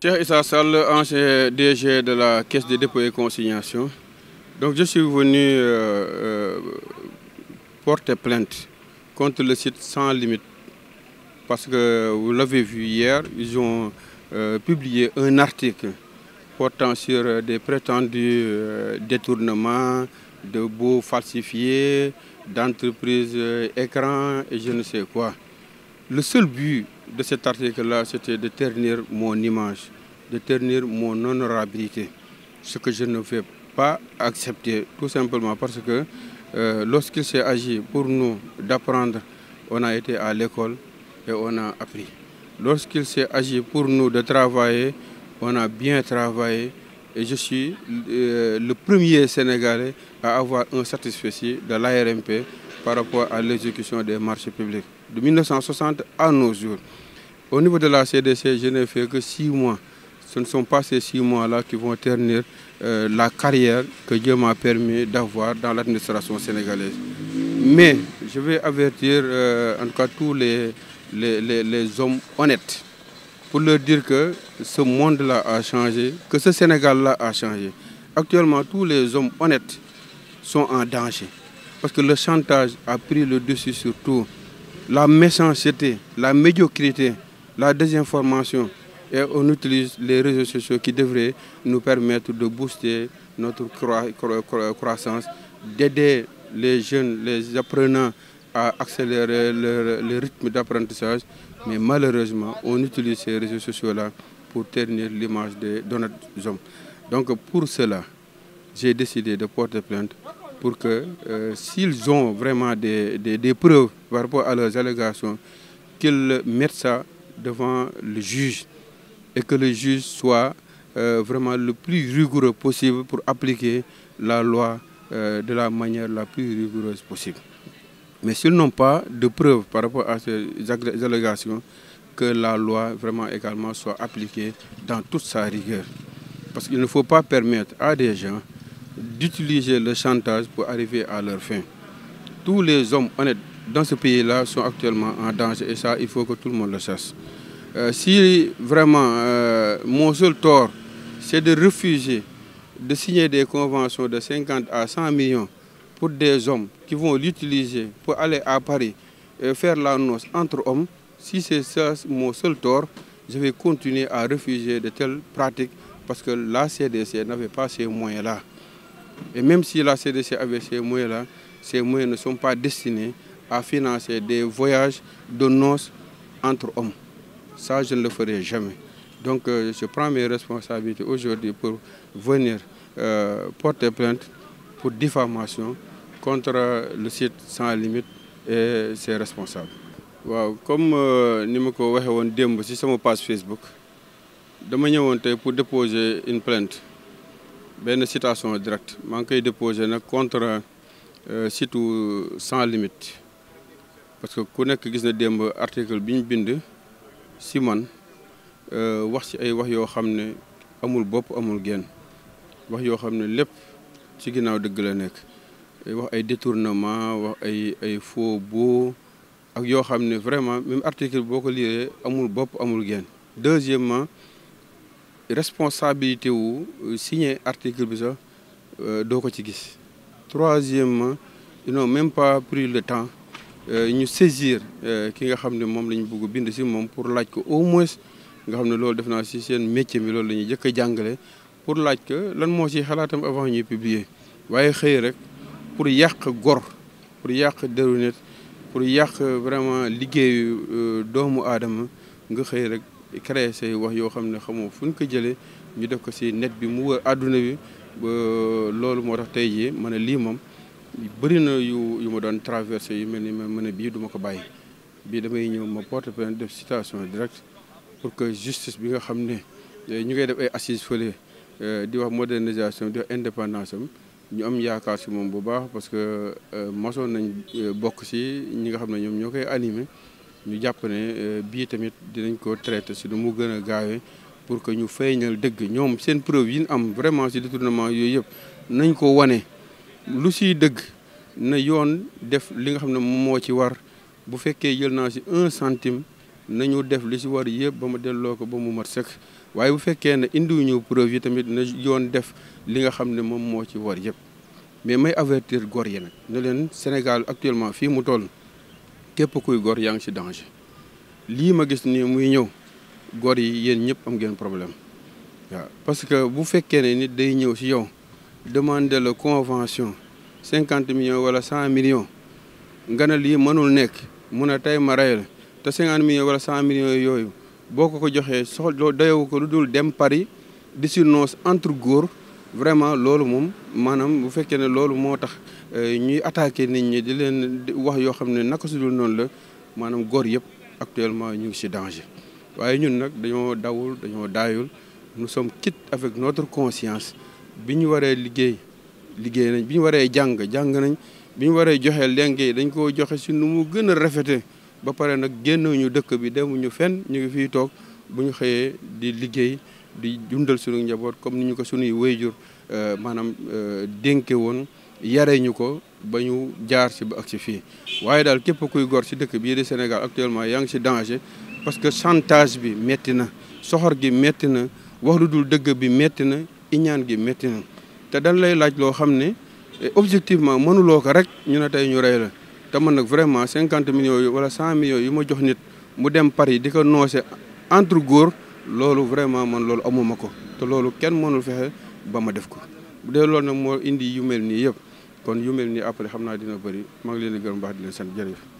Cheikh Issa Sall, ancien DG de la Caisse des dépôts et consignations. Donc je suis venu euh, euh plainte contre le site Sans Limite parce que vous l'avez vu hier, ils ont euh, publié un article portant sur euh, des prétendus euh, détournements de baux falsifiés, d'entreprises euh, écrans et je ne sais quoi. Le seul but de cet article-là, c'était de ternir mon image, de ternir mon honorabilité, ce que je ne vais pas accepter, tout simplement parce que euh, lorsqu'il s'est agi pour nous d'apprendre, on a été à l'école et on a appris. Lorsqu'il s'est agi pour nous de travailler, on a bien travaillé et je suis euh, le premier Sénégalais à avoir un satisfecit de l'ARMP par rapport à l'exécution des marchés publics. De 1960 à nos jours, au niveau de la CDC, je n'ai fait que six mois. Ce ne sont pas ces six mois-là qui vont ternir euh, la carrière que Dieu m'a permis d'avoir dans l'administration sénégalaise. Mais je vais avertir euh, en tout cas tous les, les, les, les hommes honnêtes pour leur dire que ce monde-là a changé, que ce Sénégal-là a changé. Actuellement, tous les hommes honnêtes sont en danger parce que le chantage a pris le dessus sur tout. La méchanceté, la médiocrité, la désinformation et on utilise les réseaux sociaux qui devraient nous permettre de booster notre croissance, d'aider les jeunes, les apprenants à accélérer le, le rythme d'apprentissage Mais malheureusement, on utilise ces réseaux sociaux-là pour ternir l'image des de notre Donc pour cela, j'ai décidé de porter plainte pour que euh, s'ils ont vraiment des, des, des, preuves par rapport à leurs allégations, qu'ils mettent ça devant le juge et que le juge soit euh, vraiment le plus rigoureux possible pour appliquer la loi euh, de la manière la plus rigoureuse possible. Mais s'ils n'ont pas de preuves par rapport à ces allégations, que la loi vraiment également soit appliquée dans toute sa rigueur. Parce qu'il ne faut pas permettre à des gens d'utiliser le chantage pour arriver à leur fin. Tous les hommes honnêtes dans ce pays-là sont actuellement en danger et ça, il faut que tout le monde le sache. Euh, si vraiment euh, mon seul tort, c'est de refuser de signer des conventions de 50 à 100 millions pour des hommes qui vont l'utiliser pour aller à Paris et faire la noce entre hommes, si c'est ça mon seul tort, je vais continuer à refuser de telles pratiques parce que la CDC n'avait pas ces moyens-là. Et même si la CDC avait ces moyens-là, ces moyens ne sont pas destinés à financer des voyages de noces entre hommes. Ça, je ne le ferai jamais. Donc, euh, je prends mes responsabilités aujourd'hui pour venir euh, porter plainte pour diffamation contre le site Sans Limites et ses responsable waaw comme euh, ni ma ko waxee woon démb ci sama page Facebook dama ñëwoon tey pour déposer une plainte benn situation direct maa ngi koy déposer nag contre euh, site Sans Limites parce que ku nekk gis na démb article bi ñu bind ci man euh, wax ci ay wax yoo xam ne amul bopp amul genn wax yoo xam ne lépp. ci ginnaaw dëgg la nekk wax ay détournement wax ay ay faux baux ak yoo xam ne vraiment même article boo ko liiree amul bopp amul genn deuxièmement responsabilité wu signé article bi sax euh, doo ko ci gis troisièmement ils n'ont même pas pris de temps euh, ñu saisir euh, ki nga xam ne moom la ñu bëgg bind si moom pour laaj ko au moins nga xam ne loolu def naa si seen métier bi loolu la ñuy jëkk a jàngale pour laaj ko lan moo ci xalaatam avant ñuy publier waaye xëy rek pour yàq gor pour yàq deru nit pour yàq vraiment liggéeyu euh, doomu aadama nga xëy rek créer say wax yoo xam ne xamoo fu ñu ko jëlee ñu def ko si net bi mu wër àdduna bi ba loolu moo tax tey jii ma ne lii moom bëri na yu yu ma doon traversé yu mel ni ma mën a bii duma ko bàyyi bii damay ñëw ma porte plainte def citation directe pour que justice bi nga xam ne eh, ñu ngay def ay assises fële Euh, di wax modernisation di wax indépendance am ñu am yaakaar si moom bu baax parce que euh, masoon nañ euh, bokk si ñi nga xam ne ñoom ñoo koy animé ñu jàpp ne bii tamit dinañ ko traité si lu mu gën a gaawee pour que ñu feeñal dëgg ñoom seen preuve yi ñu am vraiment si détournement yooyu yëpp nañ ko wane lu siy dëgg na yoon def li nga xam ne moo ci war bu fekkee jël naa si un centime nañu def li ci war yëpp ba ma delloo ko ba mu mat sëkk waaye bu fekkee ne indiwuñu preuve tamit na yoon def li nga xam ne moom moo ci war yëpp mais may avertir gor yi nag ne leen Sénégal actuellement fii mu toll képp kuy gor yaa ngi ci danger lii ma gis nii muy ñëw gor yi yéen ñëpp am ngeen problème waaw parce que bu fekkee ne nit day ñëw ci yow demande la convention cinquante million wala cent millions nga ne lii mënul nekk mun a tey ma rey te 50 millions wala 100 millions yooyu boo ko ko joxee soxla doyewu ko lu dul dem Paris di si noos entre góor vraiment loolu moom maanaam bu fekkee ne loolu moo tax euh, ñuy attaqué nit ñi di leen wax yoo xam ne naka su dul noonu la maanaam góor yëpp actuellement ñu ngi si danger waaye ñun nag dañoo dawul dañoo daayul nous sommes kit avec notre conscience bi ñu waree liggéey liggéey nañ bi ñu waree jàng jàng nañ bi ñu waree joxe lenge dañ koo joxe si nu mu gën a rafete ba pare nag génnuñu dëkk bi demuñu fenn ñu ngi fi toog bu ñu xëyee di liggéey di dundal sunu njaboot comme ni ñu ko sunuy wéyjur euh, maanaam euh, dénke woon yare ñu ko ba ñu jaar si ba ak si fii waaye daal képp kuy gor si dëkk bi di Sénégal actuellement yaa ngi si danger parce que chantage bi métti na soxor gi métti na wax lu dul dëgg bi métti na iñaan gi métti na te dal lay laaj loo xam ne objectivement mënuloo ko rek ñu ne tey ñu rey la te man nag vraiment cinquante millions yi wala cent millions yi ma jox nit mu dem Paris di ko noose entre góor loolu vraiment man loolu amuma ko te loolu kenn mënul fexe ba ma def ko bu dee loolu nag moo indi yu mel nii yëpp kon yu mel nii après xam naa dina bëri maa ngi leen di gërëm baax di leen